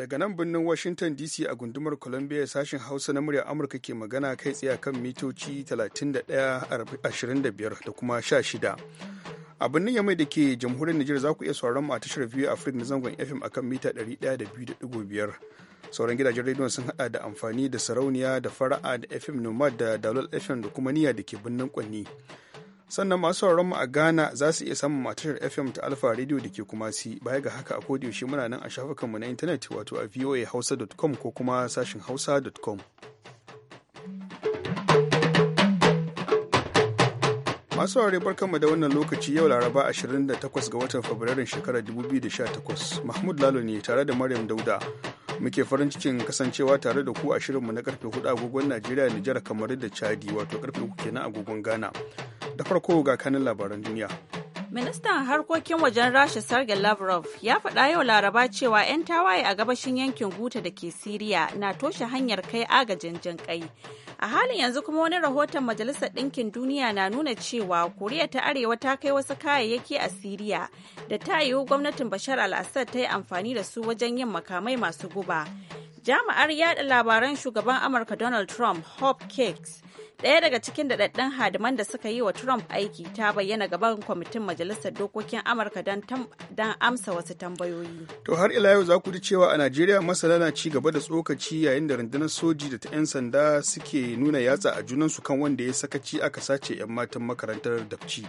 daga nan birnin washington dc a gundumar columbia sashen hausa na murya amurka ke magana kai tsaye kan mitoci 31.25 da kuma 16 a birnin yamai da ke jamhuriyar niger za ku iya sauran mu a tashar biyu a na zangon fm akan mita 102.5 sauran gidajen rediyon sun hada da amfani da sarauniya da fara'a da fm nomad da dalol fm da kuma niya da ke birnin kwanni sannan masu sauran mu a Ghana za su iya samun matashar FM ta Alfa Radio da ke kuma si baya ga haka a yaushe muna nan a shafukanmu na intanet wato a voahausa.com ko kuma sashin hausa.com. Masu saurare barkanmu da wannan lokaci yau Laraba 28 ga watan Fabrairun shekarar 2018 Mahmud Lalo ne tare da Maryam Dauda. muke farin cikin kasancewa tare da ku a shirinmu na karfe hudu agogon Najeriya, Nijar, kamar da Chadi wato karfe uku kenan agogon Ghana. Da farko ga kanin labaran duniya. Ministan harkokin wajen Rasha Sergei Lavrov ya faɗa yau Laraba cewa 'yan tawaye a gabashin yankin Guta da ke Siriya na toshe hanyar kai agajin jinƙai. A halin yanzu kuma wani rahoton Majalisar Ɗinkin Duniya na nuna cewa Koriya ta Arewa ta kai wasu kayayyaki a Siriya da ta yiwu gwamnatin Bashar al-Assad ta yi amfani da su wajen yin makamai masu guba. Jami'ar yaɗa labaran shugaban Amurka Donald Trump, Hope Cakes, daya daga cikin daɗaɗɗen hadiman da suka yi wa Trump aiki ta bayyana gaban kwamitin Majalisar Dokokin Amurka don amsa wasu tambayoyi. To har ila yau za ku ji cewa a Najeriya masana na ci gaba da tsokaci yayin da rundunar soji da ta 'yan sanda suke nuna yatsa a junansu kan wanda ya sakaci aka sace 'yan matan makarantar dafci.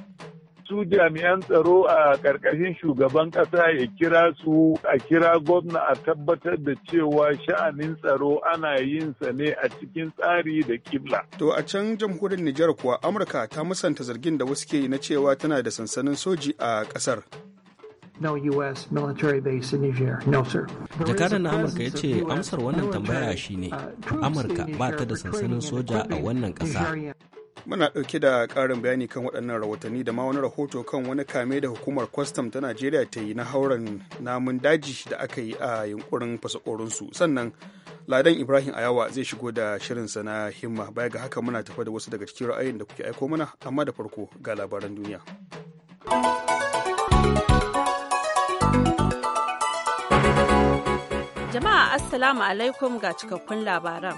su jami'an tsaro a ƙarƙashin shugaban ƙasa ya kira su a kira gwamna a tabbatar da cewa sha'anin tsaro ana yin sa ne a cikin tsari da kibla. To a can jamhuriyar Nijar kuwa Amurka ta musanta zargin da wasu ke na cewa tana da sansanin soji a ƙasar. no US military base in Niger. No, sir. na Amurka ya ce amsar wannan tambaya shine uh, Amurka ba ta da sansanin soja a wannan ƙasa. Muna ɗauke da ƙarin bayani kan waɗannan rahotanni da ma wani rahoto kan wani kame da hukumar kwastam ta Najeriya ta yi na hauren namun daji da aka yi a yunkurin fasakorinsu. Sannan Ladan Ibrahim Ayawa zai shigo da shirinsa na himma baya ga haka muna tafa da wasu daga cikin ra'ayin da kuke aiko mana amma da farko ga labaran duniya. Jama'a Assalamu alaikum ga cikakkun labaran.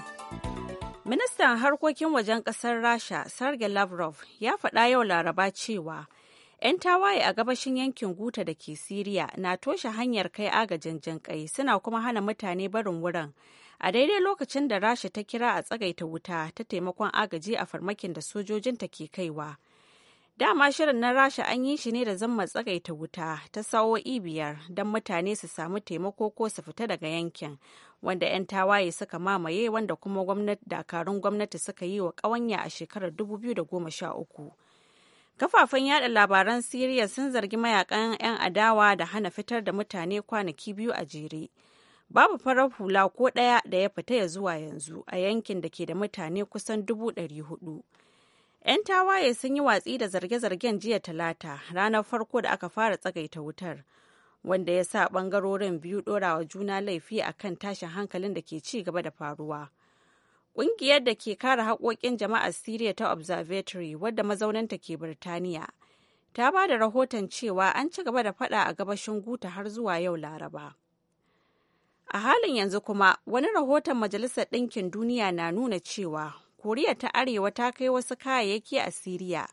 Ministan harkokin wajen ƙasar Rasha, Sergei Lavrov, ya faɗa yau Laraba cewa 'yan tawaye a gabashin yankin Guta da ke Siriya na toshe hanyar kai agajin jinƙai suna kuma hana mutane barin wurin. A daidai lokacin da Rasha ta kira a tsagaita wuta ta taimakon agaji a farmakin da sojojinta ke kaiwa. Dama shirin na Rasha an yi shi ne da zama tsagaita wuta ta sa'o'i biyar don mutane su samu taimako ko su fita daga yankin wanda 'yan tawaye suka mamaye wanda kuma dakarun gwamnati suka yi wa ƙawanya a shekarar 2013. Kafafen yada labaran Siriya sun zargi mayakan 'yan adawa da hana fitar da mutane kwanaki biyu a jere. Babu farar hula ko ɗaya da ya fita ya zuwa yanzu a yankin da ke da mutane kusan dubu ɗari hudu. 'Yan tawaye sun yi watsi da zarge-zargen jiya talata ranar farko da aka fara tsagaita wutar, wanda ya sa ɓangarorin biyu ɗorawa juna laifi a kan tashin hankalin da ke ci gaba da faruwa. Ƙungiyar da ke kare haƙoƙin jama'a Syria ta Observatory, wadda mazauninta ke Birtaniya, ta ba da rahoton cewa an ci gaba da faɗa a gabashin Guta har zuwa yau Laraba. A halin yanzu kuma wani rahoton Majalisar Ɗinkin Duniya na nuna cewa koriya ta arewa ta kai wasu kayayyaki a siriya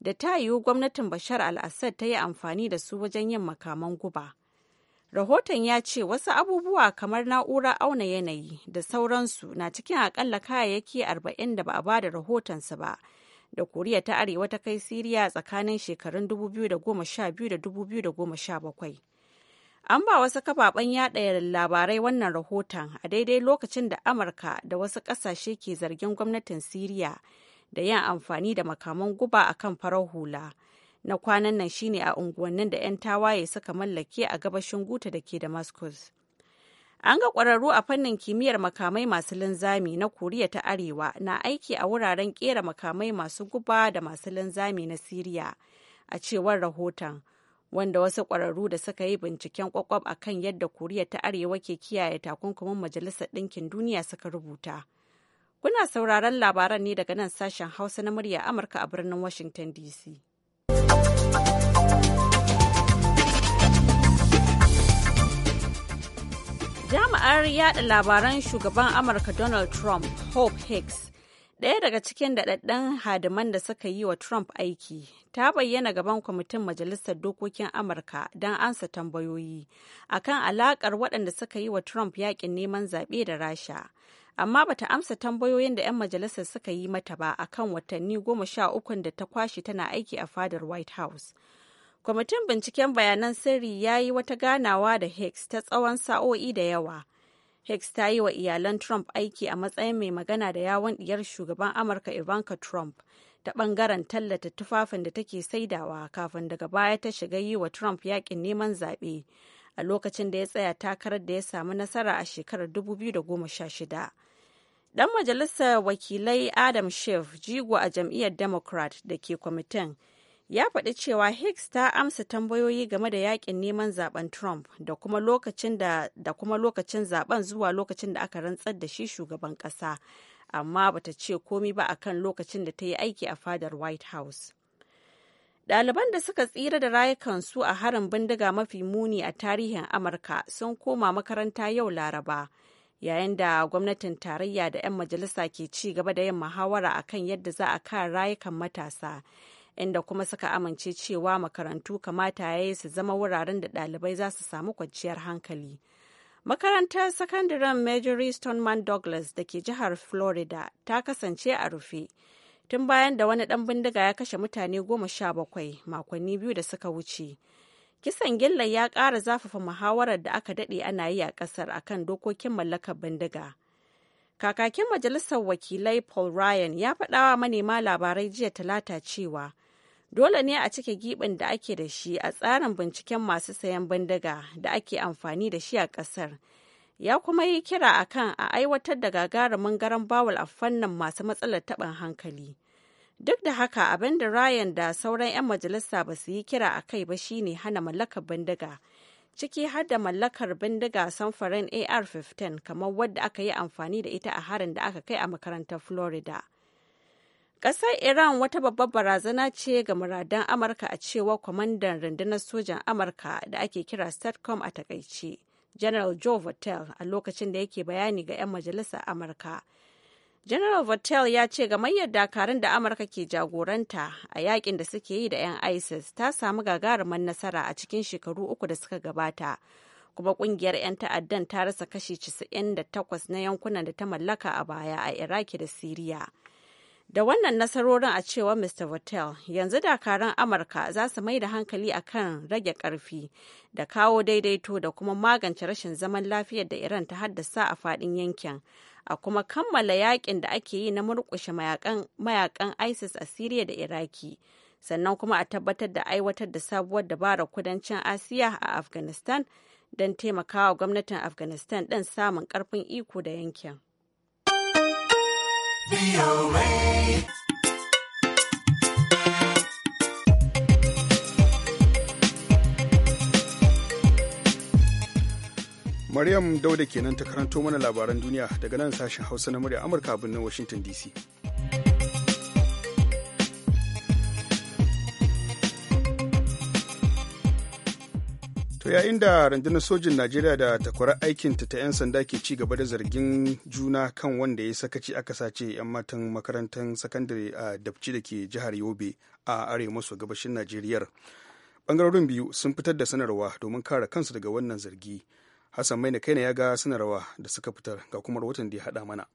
da ta yiwu gwamnatin bashar al-assad ta yi amfani da su wajen yin makaman guba rahoton ya ce wasu abubuwa kamar na'urar auna yanayi da sauransu na cikin akalla kayayyaki arba'in da ba a ba da rahotonsu ba da koriya ta arewa ta kai siriya tsakanin shekarun 2012 da 2017 An ba wasu kafafen yaɗa labarai wannan rahoton a daidai lokacin da Amurka da wasu ƙasashe ke zargin gwamnatin Siriya da yin amfani da makaman guba a kan farar hula. Na kwanan nan shine a unguwannin da 'yan tawaye suka mallake a gabashin Guta da ke Damascus. An ga ƙwararru a fannin kimiyyar makamai masu linzami na Koriya ta Arewa na aiki a wuraren ƙera makamai masu guba da masu linzami na Siriya, a cewar rahoton. wanda wasu ƙwararru da suka yi binciken kwakwab a kan yadda koriya ta arewa ke kiyaye takunkumin majalisar ɗinkin duniya suka rubuta kuna sauraron labaran ne daga nan sashen hausa na murya amurka a birnin washington dc jami'ar yada labaran shugaban amurka donald trump hope hicks Ɗaya daga cikin daɗaɗɗen hadiman da suka yi wa Trump aiki ta bayyana gaban kwamitin Majalisar Dokokin Amurka don ansa tambayoyi akan alaƙar waɗanda suka yi wa Trump yaƙin neman zaɓe da Rasha. Amma bata amsa tambayoyin da 'yan majalisar suka yi mata ba akan watanni goma sha ukun da ta kwashe tana aiki a fadar White House. Kwamitin binciken bayanan sirri ya yi wata ganawa da Hicks ta tsawon sa'o'i da yawa. Hicks ta yi wa iyalan Trump aiki a matsayin mai magana da yawon diyar shugaban Amurka Ivanka Trump ta bangaren tallata tufafin da take saidawa kafin daga baya ta shiga yi wa Trump yakin neman zaɓe a lokacin da ya tsaya takarar da ya samu nasara a shekarar 2016. Dan majalisar wakilai Adam Schiff jigo a jam'iyyar Democrat da ke kwamitin ya faɗi cewa hicks ta amsa tambayoyi game da yakin neman zaben trump da kuma lokacin da, da kuma lokacin zaben zuwa lokacin da aka rantsar da shi shugaban ƙasa amma bata ce komi ba akan lokacin da ta yi aiki a fadar white house Ɗaliban da suka tsira da rayukansu a harin bindiga mafi muni a tarihin Amurka sun koma makaranta yau Laraba, yayin da gwamnatin tarayya da 'yan majalisa ke ci gaba da yin muhawara a kan yadda za a kare rayukan matasa, inda kuma suka amince cewa makarantu kamata ya yi su zama wuraren da ɗalibai za su samu kwanciyar hankali. Makarantar sakandaren Marjorie Stoneman Douglas da ke jihar Florida ta kasance a rufe tun bayan da wani ɗan bindiga ya kashe mutane goma sha bakwai makonni biyu da suka wuce. Kisan gillan ya ƙara zafafa muhawarar da aka daɗe ana yi a ƙasar a kan dokokin mallakar bindiga. Kakakin Majalisar Wakilai Paul Ryan ya faɗawa manema labarai jiya talata cewa dole ne a cike giɓin da ake da shi a tsarin binciken masu sayan bindiga da ake amfani da shi a ƙasar ya kuma yi kira a kan a aiwatar da gagarumin garan bawul a fannin masu matsalar taɓin hankali duk da haka abin da ryan da sauran 'yan majalisa ba su yi kira a kai ba shine hana mallakar bindiga ciki har da mallakar bindiga samfarin ar-15 kamar wadda aka yi amfani da ita a harin da aka kai a makarantar florida Ƙasar Iran wata babbar barazana ce ga muradan Amurka a cewa kwamandan rundunar sojan Amurka da ake kira STATCOM a takaice, General Joe Vattel a lokacin da yake bayani ga 'yan majalisar Amurka. General Vattel ya ce gamayyar dakarun da Amurka ke jagoranta a yakin da suke yi da 'yan ISIS ta samu gagarumar nasara a cikin shekaru uku da suka gabata. kuma kungiyar 'yan ta'addan ta rasa kashi 98 na yankunan da ta mallaka a baya a iraki da siriya Da wannan nasarorin a cewa Mr. Votel, yanzu dakaran Amurka za su mai da hankali a kan rage ƙarfi da kawo daidaito da kuma magance rashin zaman lafiyar da Iran ta haddasa a fadin yankin, a kuma kammala yakin da ake yi na murkushe mayakan ISIS a syria da Iraki, sannan kuma a tabbatar da aiwatar da sabuwar dabarar kudancin Asiya a Afghanistan don taimakawa gwamnatin Afghanistan ɗin samun ƙarfin iko da yankin. Maryam Dauda kenan ta karanto mana labaran duniya daga nan sashen Hausa na murya Amurka a birnin Washington DC. to yayin da rundunar sojin najeriya da takwarar aikinta ta 'yan sanda ke ci gaba da zargin juna kan wanda ya sakaci aka sace 'yan matan makarantar sakandare a dabci da ke jihar yobe a arewa maso gabashin najeriyar bangarorin biyu sun fitar da sanarwa domin kare kansu daga wannan zargi hassan mai kaina ya ga sanarwa da suka fitar ga kuma rahoton da ya haɗa mana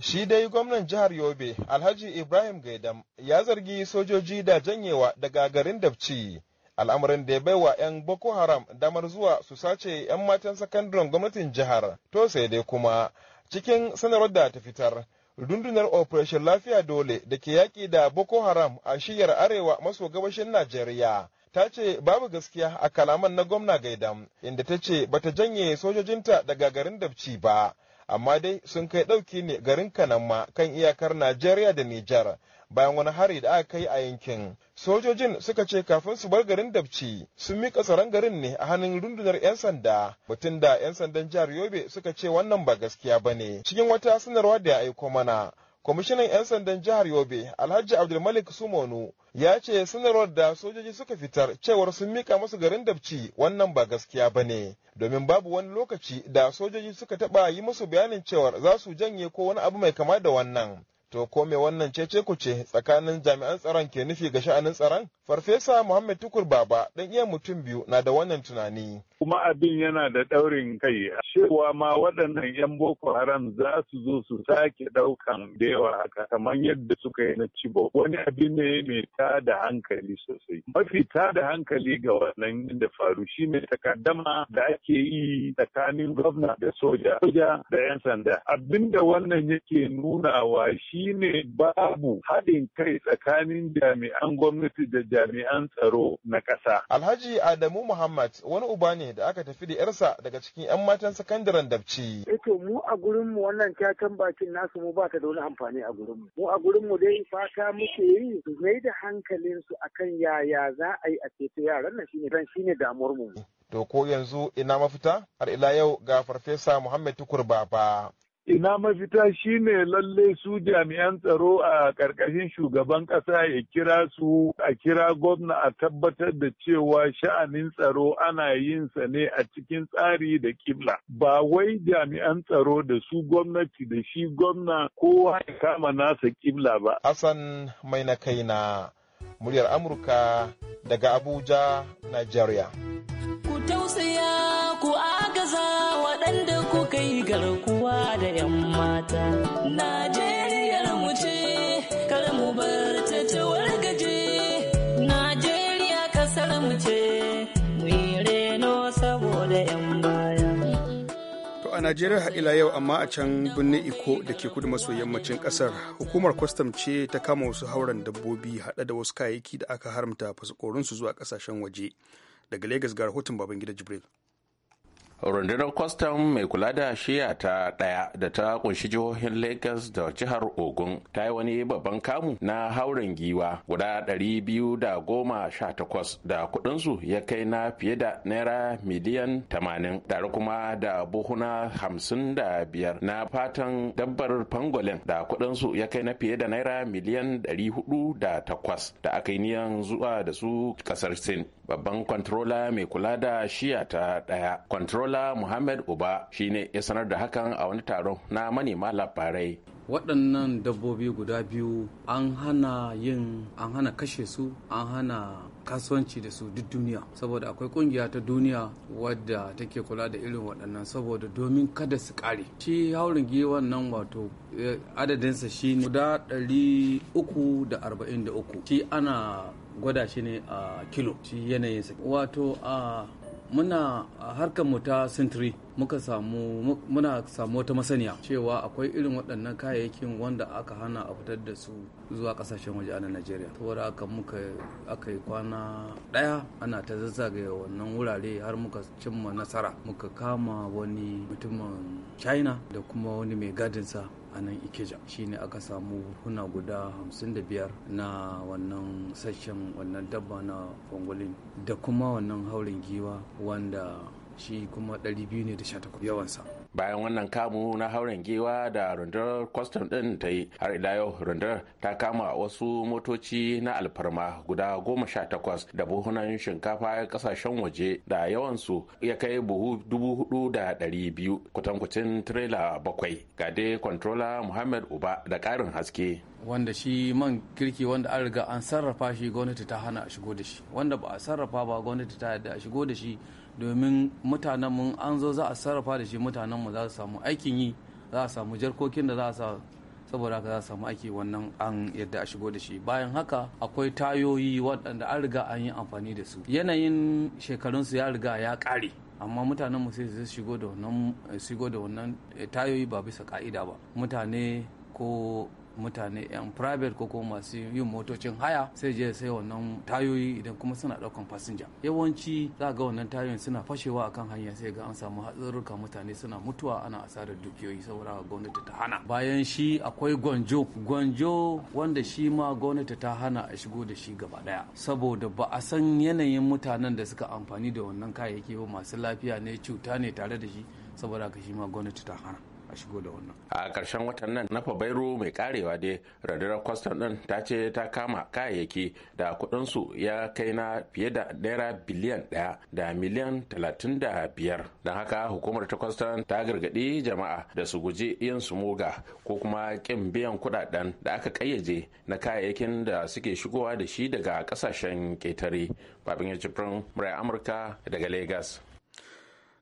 Shi dai gwamnan jihar Yobe, Alhaji Ibrahim Gaidam, ya zargi sojoji da janyewa daga garin Dabci al'amarin da ya bai wa 'yan boko haram damar zuwa su sace 'yan matan sakandaren gwamnatin jihar to sai dai kuma cikin sanarwar da ta fitar rundunar operation lafiya dole da ke yaƙi da boko haram a shiyar arewa maso gabashin najeriya ta ce babu gaskiya a kalaman na gwamna gaidam inda ta ce bata janye sojojinta daga garin dabci ba amma dai sun kai ɗauki ne garin kanamma kan iyakar najeriya da nijar bayan wani hari da aka kai a yankin sojojin suka ce kafin su bar garin dabci sun mika tsaron garin ne a hannun rundunar 'yan sanda batun da 'yan sandan jihar yobe suka ce wannan ba gaskiya ba ne cikin wata sanarwa da ya aiko mana kwamishinan 'yan sandan jihar yobe alhaji abdulmalik sumonu ya ce sanarwar da sojoji suka fitar cewar sun mika masu garin dabci wannan ba gaskiya ba ne domin babu wani lokaci da sojoji suka taɓa yi musu bayanin cewar za su janye ko wani abu mai kama da wannan To ko me wannan cece ce tsakanin jami'an tsaron ke nufi ga sha'anin tsaron? Farfesa Muhammad Tukur Baba dan iya mutum biyu na da wannan tunani. Kuma abin yana da ɗaurin kai cewa ma waɗannan 'yan Boko Haram za su zo su sake ɗaukan da yawa haka kamar yadda suka yi na Cibo. Wani abin ne mai ta da hankali sosai. Mafi ta da hankali ga wannan da faru shi shine takaddama da ake yi tsakanin gwamna da soja, soja da 'yan sanda. Abin da wannan yake nunawa shi shine babu haɗin kai tsakanin jami'an gwamnati da jami'an tsaro na ƙasa. Alhaji Adamu Muhammad wani uba ne da aka tafi da 'yarsa daga cikin 'yan matan sakandaren dabci. Eto eh mu a gurin mu wannan kyakkyan bakin nasu mu ba ta da wani amfani a gurin mu. Mu a gurin mu dai fata muke yi su mai da hankalin su akan yaya za a yi a ceto yaran nan shine dan shine damuwar mu. To ko yanzu ina mafita har ila yau ga farfesa Muhammad Tukur Baba. ina mafita shi ne lalle su jami'an tsaro a ƙarƙashin shugaban ƙasa ya kira su a kira gwamna a tabbatar da cewa sha'anin tsaro ana yin sa ne a cikin tsari da kibla ba wai jami'an tsaro da su gwamnati da shi gwamna kowa ya kama nasa kibla ba hassan mai na kai na muryar amurka daga abuja nigeria ku tausaya Najeriya mu ce, ta Najeriya kasar mu reno To a Najeriya yau amma a can birnin Iko da ke kudu maso yammacin ƙasar. hukumar kwastam ce ta kama wasu hauren dabbobi haɗe da wasu kayayyaki da aka haramta fasikorinsu zuwa ƙasashen waje. Daga Legas ga rahoton Babangida Jibril. rundunar kwastam mai kula da shiya ta daya da ta kunshi jihohin lagos da jihar ogun ta yi wani babban kamu na hauren giwa guda 218 da kudinsu ya kai na fiye da naira miliyan 80 tare kuma da buhuna 55 na fatan dabbar pangolin da kudinsu ya kai na fiye da naira miliyan 408 da aka yi niyan zuwa da su kasar sin babban kwantrola mai kula da shiya ta daya kwantrola Murtala Muhammad Uba shine ya sanar da hakan a wani taron na manema labarai. Waɗannan dabbobi guda biyu an hana yin an hana kashe su an hana kasuwanci da su duk duniya saboda akwai ƙungiya ta duniya wadda take kula da irin waɗannan saboda domin kada su ƙare shi haurin giwan nan wato eh, adadinsa shi ne guda 343 shi ana gwada shi ne a kilo shi yanayinsa wato a muna harkar mu ta sintiri muka samu muna samu wata masaniya cewa akwai irin waɗannan kayayyakin wanda aka hana a fitar da su zuwa ƙasashen waje na Najeriya saboda aka muka aka yi kwana ɗaya ana ta zazzagaya wannan wurare har muka cimma nasara muka kama wani mutumin China da kuma wani mai gadinsa a nan ikeja shine aka samu huna guda 55 na wannan sashen wannan dabba na pangolin da kuma wannan haurin giwa wanda shi kuma 218 yawansa bayan wannan kamu na hauren giwa da rundunar kwastam din ta yi har ila yau rundunar ta kama wasu motoci na alfarma guda goma sha takwas da buhunan shinkafa kasashen waje da yawansu ya kai buhu dubu hudu da dari biyu tirela bakwai ga dai kwantrola muhammad uba da karin haske wanda shi man kirki wanda an riga an sarrafa shi gwamnati ta hana a shigo da shi wanda ba a sarrafa ba gwamnati ta yadda a shigo da shi domin mutanenmu an zo za a sarrafa da shi mutanenmu za su samu aikin yi za a samu jarkokin da za a sa saboda haka za a samu aiki wannan an yadda a shigo da shi bayan haka akwai tayoyi waɗanda an riga an yi amfani da su yanayin shekarunsu ya riga ya kare amma mutanen mu sai su shigo da wannan tayoyi ba bisa ka'ida ba mutane ko mutane yan private ko kuma masu yin motocin haya sai je sai wannan tayoyi idan kuma suna daukan fasinja yawanci za ga wannan tayoyin suna fashewa akan hanya sai ga an samu hatsarurruka mutane suna mutuwa ana asarar dukiyoyi saboda gwamnati ta hana bayan shi akwai gwanjo gwanjo wanda shi ma gwamnati ta hana a shigo da shi gaba daya saboda ba a san yanayin mutanen da suka amfani da wannan kayayyaki ba masu lafiya ne cuta ne tare da shi saboda ka shi ma gwamnati ta hana a shigo da wannan a ƙarshen watan nan na fabairu mai karewa dai radar kwastam din ta ce ta kama kayayyaki da kuɗin su ya kai na fiye da naira biliyan ɗaya da miliyan talatin da biyar don haka hukumar ta kwastam ta gargaɗi jama'a da su guji yin su muga ko kuma ƙin biyan kuɗaɗen da aka ƙayyaje na kayayyakin da suke shigowa da shi daga ƙasashen ƙetare babin ya murai amurka daga lagos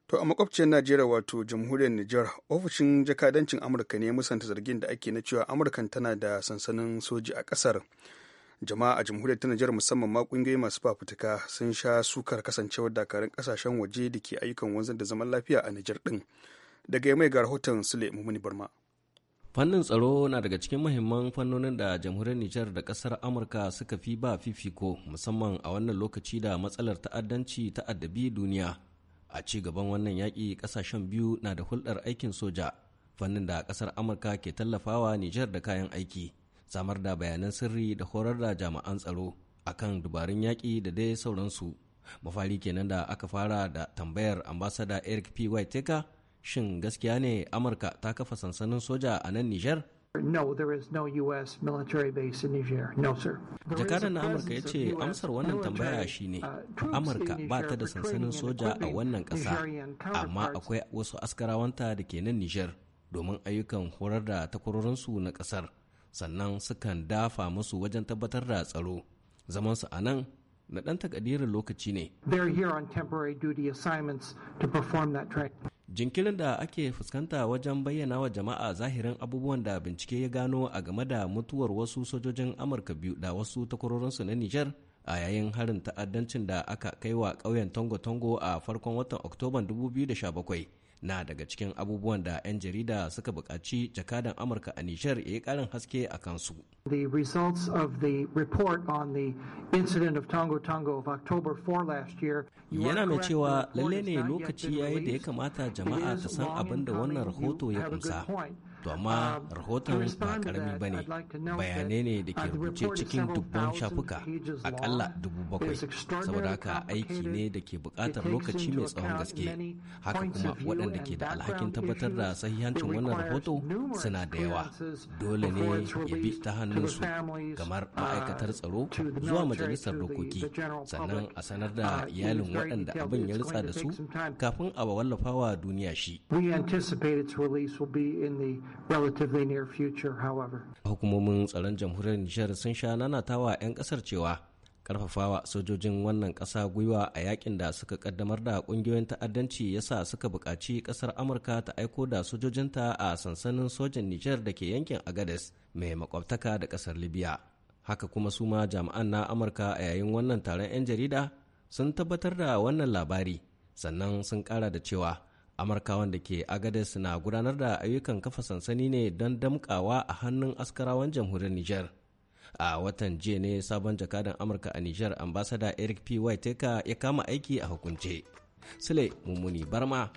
To a makwabciyar Najeriya wato jamhuriyar Nijar ofishin jakadancin Amurka ne musanta zargin da ake na cewa amurka tana da sansanin soji a kasar Jama'a a jamhuriyar ta Nijar musamman ma ƙungiyoyi masu fafutuka sun sha sukar kasancewar dakarun kasashen waje da ke ayyukan wanzar da zaman lafiya a Nijar ɗin. Daga mai ga rahoton Sule Mumuni Barma. Fannin tsaro na daga cikin muhimman fannonin da jamhuriyar Nijar da kasar Amurka suka fi ba fifiko musamman a wannan lokaci da matsalar ta'addanci ta addabi duniya. a ci gaban wannan yaƙi ƙasashen biyu na da hulɗar aikin soja fannin da ƙasar amurka ke tallafawa nijar da kayan aiki samar da bayanan sirri da horar da jami'an tsaro kan dubarun yaƙi da dai sauransu mafari kenan da aka fara da tambayar ambasada eric p white shin gaskiya ne amurka ta kafa sansanin soja a nan nijar No, na Amurka ya ce amsar wannan tambaya uh, shine Amurka ba ta da sansanin soja a wannan ƙasa, amma akwai wasu askarawanta da ke nan Nijar domin ayyukan horar da takwarorinsu na ƙasar, sannan sukan dafa musu wajen tabbatar da tsaro. Zamansu a nan na ɗan takadirin lokaci ne. jinkirin da ake fuskanta wajen bayyana wa jama'a zahirin abubuwan da bincike ya gano a game da mutuwar wasu sojojin amurka biyu da wasu takwarorinsu na nijar a yayin harin ta'addancin da aka kai wa ƙauyen tongo-tongo a farkon watan oktoban 2017 na daga cikin abubuwan da 'yan jarida suka buƙaci jakadan amurka a nishar ya yi ƙarin haske a kansu the results of the report on the incident of tongo tongo october 4 last yana mai cewa lalle ne lokaci yayi da ya kamata jama'a ta san abin da wannan rahoto ya ƙumsa. to amma um, rahoton ba karami ba ne bayanai uh, ne da ke rubuce cikin dubban shafuka akalla dubu bakwai saboda haka aiki ne da ke buƙatar lokaci mai tsawon gaske haka kuma waɗanda ke da alhakin tabbatar da sahihancin wannan rahoto suna da yawa dole ne ya bi ta hannunsu kamar uh, ma'aikatar tsaro zuwa majalisar dokoki sannan a sanar da uh, iyalin waɗanda abin ya ritsa da su kafin a wallafa wa duniya shi. We anticipate its be in relatively near future however hukumomin tsaron jamhuriyar nijar sun sha nanatawa 'yan kasar cewa karfafawa sojojin wannan ƙasa gwiwa a yakin da suka kaddamar da ƙungiyoyin ta'addanci yasa suka buƙaci ƙasar amurka ta aiko da sojojinta a sansanin sojan nijar da ke yankin agades mai makwabtaka da ƙasar libya haka kuma su ma jami'an na amurka a yayin wannan taron 'yan jarida sun tabbatar da wannan labari sannan sun ƙara da cewa amurkawan da ke agades na gudanar da ayyukan kafa sansani ne don damkawa a hannun askarawan jamhuriyar niger a watan jiya ne sabon jakadan amurka a niger ambasada eric p whitaker ya kama aiki a hukunce sule mummuni barma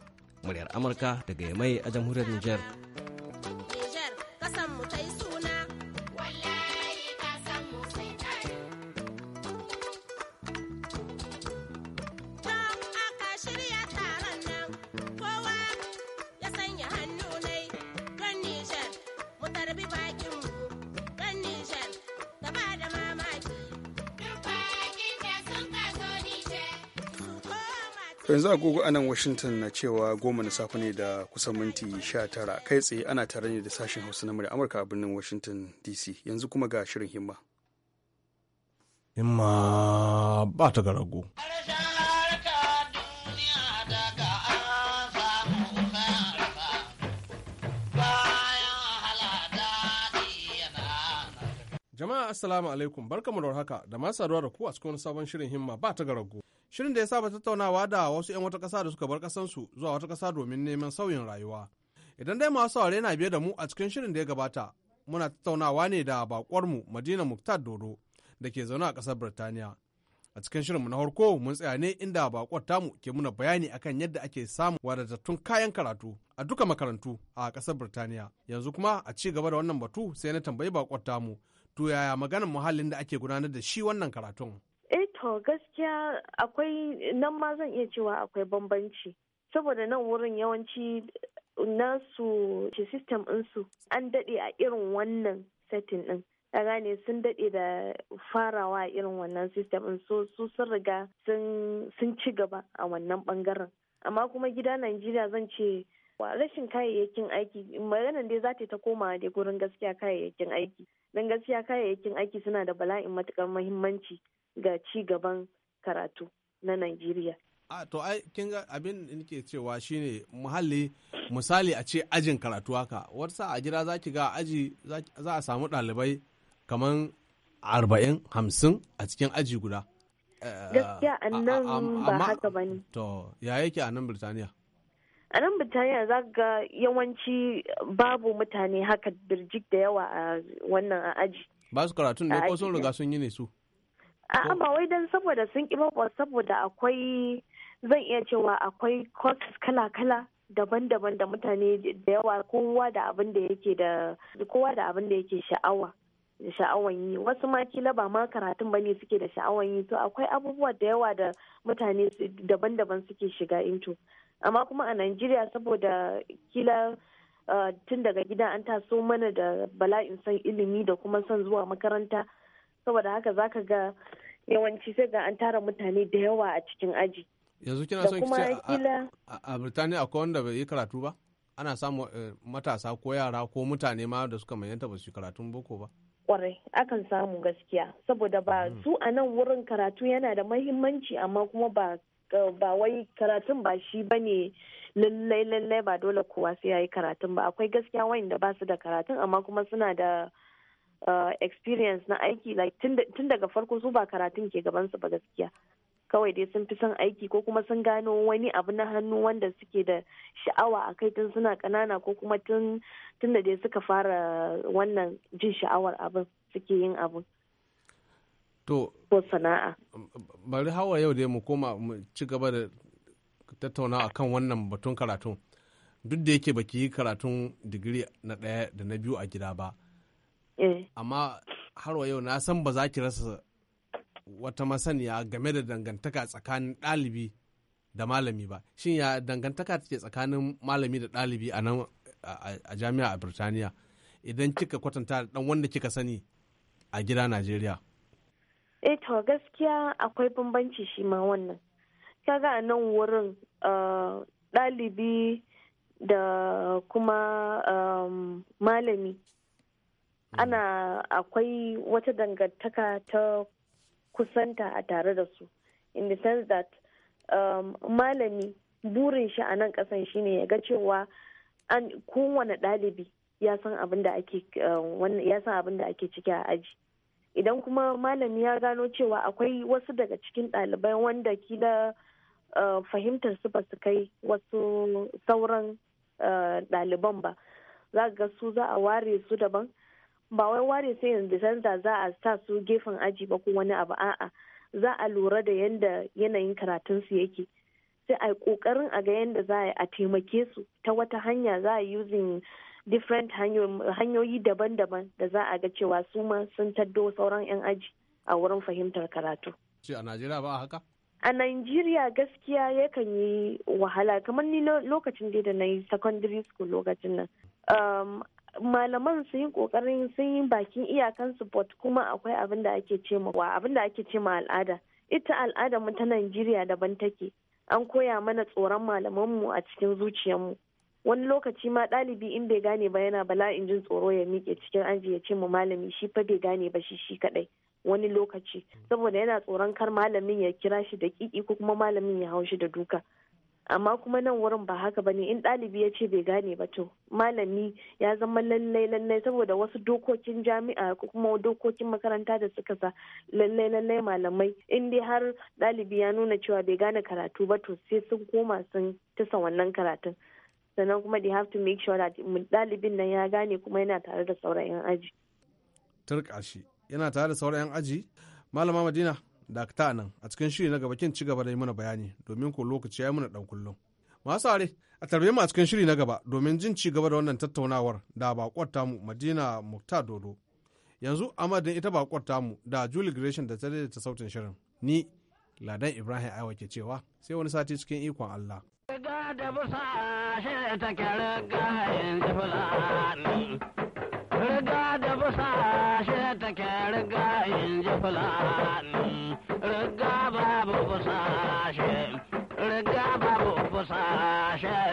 muryar amurka daga yamai a jamhuriyar niger yanzu agogo a nan washington na cewa goma na safe ne da kusan minti 19 kai tsaye ana tare ne da sashen hausa na murya amurka a birnin washington dc yanzu kuma ga shirin himma himma ba ta garago. Jama'a assalamu alaikum barkamu da haka da masu saduwa da ku a cikin sabon shirin himma ba ta garago. Shirin da ya saba tattaunawa da wasu 'yan wata ƙasa da suka bar ƙasansu zuwa wata ƙasa domin neman sauyin rayuwa. Idan dai masu saurare na biye da mu a cikin shirin da ya gabata muna tattaunawa ne da mu Madina Muktar Dodo da ke zaune a kasar Birtaniya. A cikin shirin mu na harko mun tsaya ne inda bakwar tamu ke muna bayani akan yadda ake samun wadatattun kayan karatu a duka makarantu a ƙasar Birtaniya. Yanzu kuma a ci gaba da wannan batu sai na tambayi bakwar tamu to yaya muhallin da ake gudanar da shi wannan karatun? E, to gaskiya akwai nan ma zan iya cewa akwai bambanci saboda nan wurin yawanci nasu system su an daɗe a irin wannan setting ɗin. da gane sun daɗe da farawa a irin wannan system ɗin so su sun riga sun ci gaba a wannan ɓangaren amma kuma gida najeriya zan ce rashin kayayyakin aiki maganan dai za ta koma da gurin gaskiya kayayyakin aiki don gaskiya kayayyakin aiki suna da bala'in matukar muhimmanci ga ci gaban karatu na Najeriya. A to ai kin ga abin da nake cewa shine muhalli misali a ce ajin karatu haka wata a gida zaki ga aji za a samu ɗalibai kamar arba'in hamsin a cikin aji guda. Eh, gaskiya a nan ba haka ba To ya yake a nan Birtaniya? a nan birtaniya za ga yawanci babu mutane haka birjik da yawa a wannan a aji ba su karatun ne ko sun riga sun yi ne su A ba wai dan saboda sun ki ba saboda akwai zan iya cewa akwai courses kala-kala daban-daban da mutane da yawa kowa da abin da yake da kowa da abin da yake sha'awa da sha'awan yi wasu ma kila ba ma karatun bane suke da sha'awan yi to akwai abubuwa da yawa da mutane daban-daban suke shiga into amma kuma a Najeriya saboda kila uh, tun daga gida an taso mana da bala'in son ilimi da kuma son zuwa makaranta saboda haka zaka ga yawanci sai ga an tara mutane da yawa a cikin aji yanzu kina son kice a Birtaniya akwai wanda bai yi karatu ba ana samu eh, matasa ko yara ko mutane ma da suka manyanta ba su karatun boko ba kwarai akan samu gaskiya saboda ba mm. su a nan wurin karatu yana da mahimmanci amma kuma ba ba wai karatun ba shi ba ne lallai lallai ba dole kowa sai ya yi karatun ba akwai gaskiya wayanda ba su da karatun amma kuma suna da uh, experience na aiki like tun daga farko su ba karatun ke gabansu ba gaskiya kawai dai sun fi son aiki ko kuma sun gano wani abu na hannu wanda suke da sha'awa a kai tun suna kanana ko kuma tun da dai suka fara wannan jin sha'awar abin suke yin abin To, ko sana'a. Bari hawa yau dai mu koma mu ci gaba da tattauna a kan wannan batun karatun. Duk da yake baki yi karatun digiri na ɗaya da na biyu a gida ba. Eh. Amma har wa yau na san ba za ki rasa wata masaniya game da dangantaka tsakanin ɗalibi da malami ba. Shin ya dangantaka take tsakanin malami da ɗalibi a nan a jami'a a Birtaniya? Idan kika kwatanta da ɗan wanda kika sani a gida Najeriya. E, to gaskiya akwai bambanci shi ma wannan kaga a nan wurin eh, ɗalibi da kuma eh, malami hmm. ana akwai wata dangantaka ta kusanta a tare da su in the sense that malami burin shi a nan kasan shine ya ga cewa kowane ɗalibi ya san abin da ake ciki a aji idan kuma malami ya gano cewa akwai wasu daga cikin ɗalibai wanda kila eh, fahimtar su ba su kai wasu sauran eh, ɗaliban ba za ga su za a ware su daban ba wai ware sai yanzu canza za a sa su gefen aji ba ko wani abu a'a za a lura da yadda yanayin karatun su yake sai a yi kokarin a ga yadda za a taimake su ta wata hanya za a yi using different hanyoyi daban-daban da za a ga cewa su ma sun taddo sauran 'yan aji a wurin fahimtar karatu. a Najeriya ba haka? A Najeriya gaskiya yakan yi wahala kamar ni lokacin da na yi secondary school lokacin nan. Um, malaman sun yi kokarin sun yi bakin iyakan support kuma akwai abin da ake ce wa abin da ake ce ma al'ada ita al'adarmu mu ta Najeriya daban take an koya mana tsoron malamanmu a cikin zuciyarmu wani lokaci ma ɗalibi in bai gane ba yana bala in jin tsoro ya miƙe cikin aji ya ce mu malami shi fa bai gane ba shi shi kaɗai wani lokaci saboda yana tsoron kar malamin ya kira shi da ƙiƙi ko kuma malamin ya hau shi da duka amma kuma nan wurin ba haka bane in ɗalibi ya ce bai gane ba to malami ya zama lallai lallai saboda wasu dokokin jami'a ko kuma dokokin makaranta da suka sa lallai lallai malamai in dai har ɗalibi ya nuna cewa bai gane karatu ba to sai sun koma sun tasa wannan karatun sannan kuma they have to make sure that ɗalibin nan ya gane kuma yana tare da sauran 'yan aji. turkashi yana tare da sauran 'yan aji? Malama Madina da ta nan a cikin shiri na gaba kin ci gaba da yi mana bayani domin ko lokaci ya yi mana dan kullum. Masu are a tarbe mu a cikin shiri na gaba domin jin ci gaba da wannan tattaunawar da bakwar tamu Madina Mukta Dodo. Yanzu amadin ita bakwar tamu da Julie Gresham da ta daidaita sautin shirin. Ni Ladan Ibrahim Aiwa ke cewa sai wani sati cikin ikon Allah. Riga da riga da busa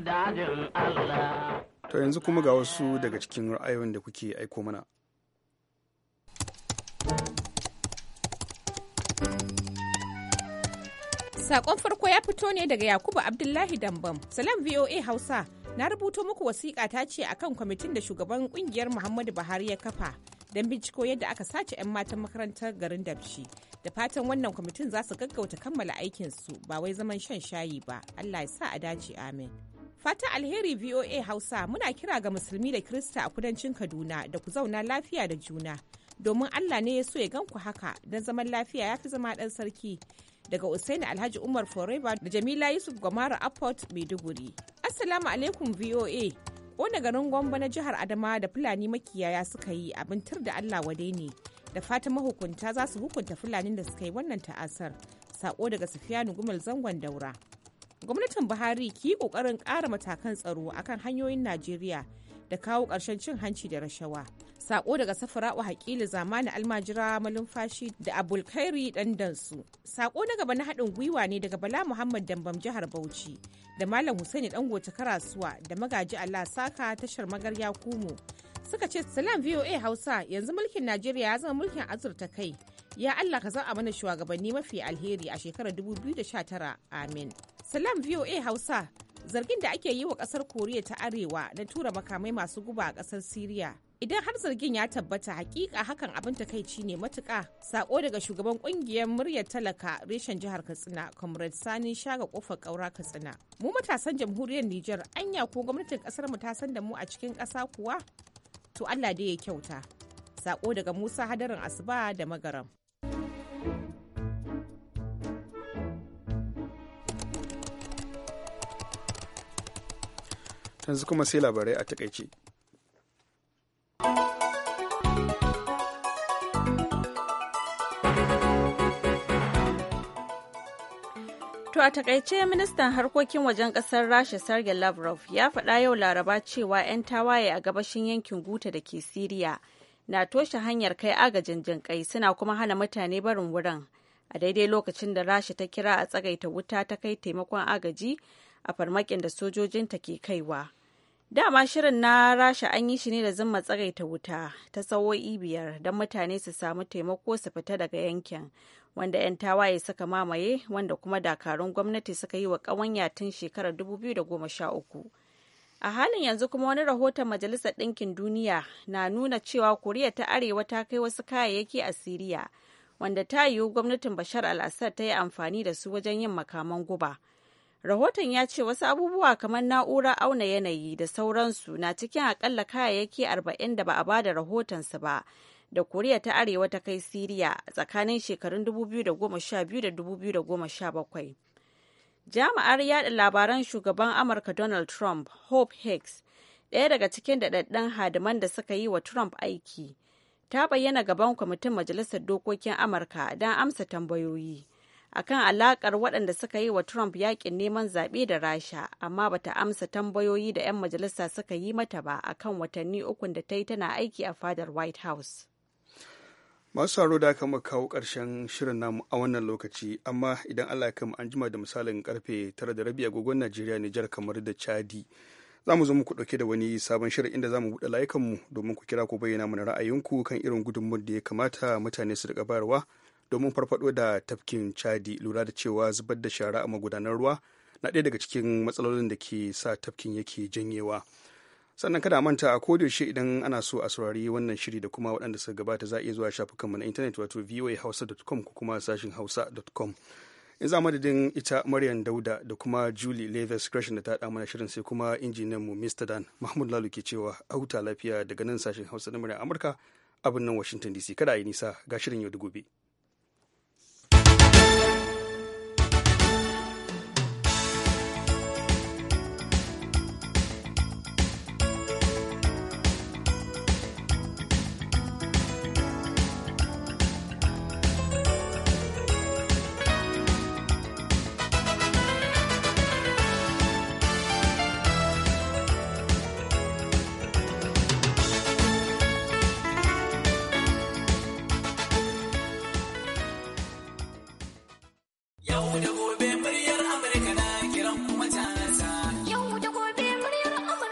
dajin Allah. To yanzu kuma ga wasu daga cikin ra'ayoyin da kuke aiko mana. Sakon farko ya fito ne daga Yakubu Abdullahi Dambam. Salam VOA Hausa. Na rubuto muku wasiƙa ta ce a kan kwamitin da shugaban ƙungiyar Muhammadu Buhari ya kafa don binciko yadda aka sace 'yan matan makarantar garin Dabshi. Da fatan wannan kwamitin za su gaggauta kammala aikinsu ba wai zaman shan shayi ba. Allah ya sa a dace amin. Fata alheri VOA Hausa muna kira ga musulmi da Kirista a kudancin Kaduna da ku zauna lafiya da juna. Domin Allah ne ya so ya ganku haka don zaman lafiya ya fi zama ɗan sarki. daga Usaini Alhaji Umar Forever da Jamila Yusuf Gwamara Airport Maiduguri. Assalamu alaikum VOA. Kona garin Gwamba na jihar Adama da Fulani makiyaya suka yi abin tur da Allah wade ne. Da fata mahukunta za su hukunta Fulanin da suka yi wannan ta'asar. Sako daga Sufiyanu Gumal Zangon Daura. Gwamnatin Buhari ki yi ƙoƙarin ƙara matakan tsaro akan hanyoyin Najeriya da kawo ƙarshen cin hanci da rashawa. Sako daga Safara'u Hakili Zamani Almajira Malumfashi da Abulkairi Dandansu. Sako na gaba na haɗin gwiwa ne daga Bala Muhammad Dambam jihar Bauchi da Malam Hussaini goce Karasuwa da Magaji Allah Saka tashar Magarya Kumo. Suka ce Salam VOA Hausa yanzu mulkin Najeriya ya zama mulkin azurta kai. Ya Allah ka zama mana shugabanni mafi alheri a shekarar 2019. Amin. Salam VOA Hausa zargin da ake yi wa kasar koriya ta arewa na tura makamai masu guba a kasar siriya idan har zargin ya tabbata hakika hakan abin takaici ne matuka sako daga shugaban kungiyar muryar talaka reshen jihar katsina comrade sani shaga kofar kaura katsina mu matasan jamhuriyar niger anya ko gwamnatin kasar mu ta san da mu a cikin kasa kuwa to allah dai ya kyauta sako daga musa hadarin asuba da magaram yanzu kuma sai labarai a takaice. To a takaice ministan harkokin wajen kasar Rasha Sergei Lavrov ya faɗa yau laraba cewa 'yan tawaye a gabashin yankin Guta da ke Siriya na toshe hanyar kai agajin jinƙai suna kuma hana mutane barin wurin a daidai lokacin da Rasha ta kira a tsagaita wuta ta kai taimakon agaji a farmakin da sojojinta ke kaiwa. Dama shirin na rasha an yi shi ne da zama tsagaita wuta ta sawo'i biyar don mutane su samu taimako su fita daga yankin wanda 'yan tawaye suka mamaye wanda kuma dakarun gwamnati suka yi wa ƙawanya tun shekarar 2013. A halin yanzu kuma wani rahoton Majalisar Ɗinkin Duniya na nuna cewa Koriya ta Arewa ta kai wasu kayayyaki a Siriya wanda ta yiwu gwamnatin Bashar al ta yi amfani da su wajen yin makaman guba. Rahoton ya ce wasu abubuwa kamar na'ura auna yanayi da sauransu na cikin akalla kayayyaki 40 da ba a bada rahotonsu ba da Koriya ta Arewa ta kai Siriya tsakanin shekarun 2012 da 2017. Jami'ar yada labaran shugaban Amurka Donald Trump, Hope Hicks, ɗaya daga cikin daɗaɗɗen hadiman da suka yi wa Trump aiki, ta bayyana gaban kwamitin Majalisar Dokokin Amurka don amsa tambayoyi. akan alakar waɗanda suka yi wa Trump yakin neman zaɓe da Rasha, amma bata amsa tambayoyi da 'yan majalisa suka yi mata ba akan watanni ukun da ta yi tana aiki a fadar White House. Masu saro da aka kawo ƙarshen shirin namu a wannan lokaci, amma idan Allah ya kama an jima da misalin karfe tara da rabi agogon Najeriya Nijar kamar da Chadi. Za mu zo muku ɗauke da wani sabon shirin inda za mu buɗe layukanmu domin ku kira ku bayyana mana ra'ayinku kan irin gudunmu da ya kamata mutane su riƙa bayarwa domin farfado da tafkin chadi lura da cewa zubar da shara a magudanar ruwa na ɗaya daga cikin matsalolin da ke sa tafkin yake janyewa sannan kada manta a yaushe idan ana so a saurari wannan shiri da kuma waɗanda suka gabata za a iya zuwa shafukanmu na intanet wato voahausa.com ko kuma sashin hausa.com in za madadin ita maryam dauda da kuma julie levis gresham da ta haɗa mana shirin sai kuma injiniyan mu mr dan mahmud lalu ke cewa a huta lafiya daga nan sashen hausa na murya amurka abin nan washington dc kada a yi nisa ga shirin yau da gobe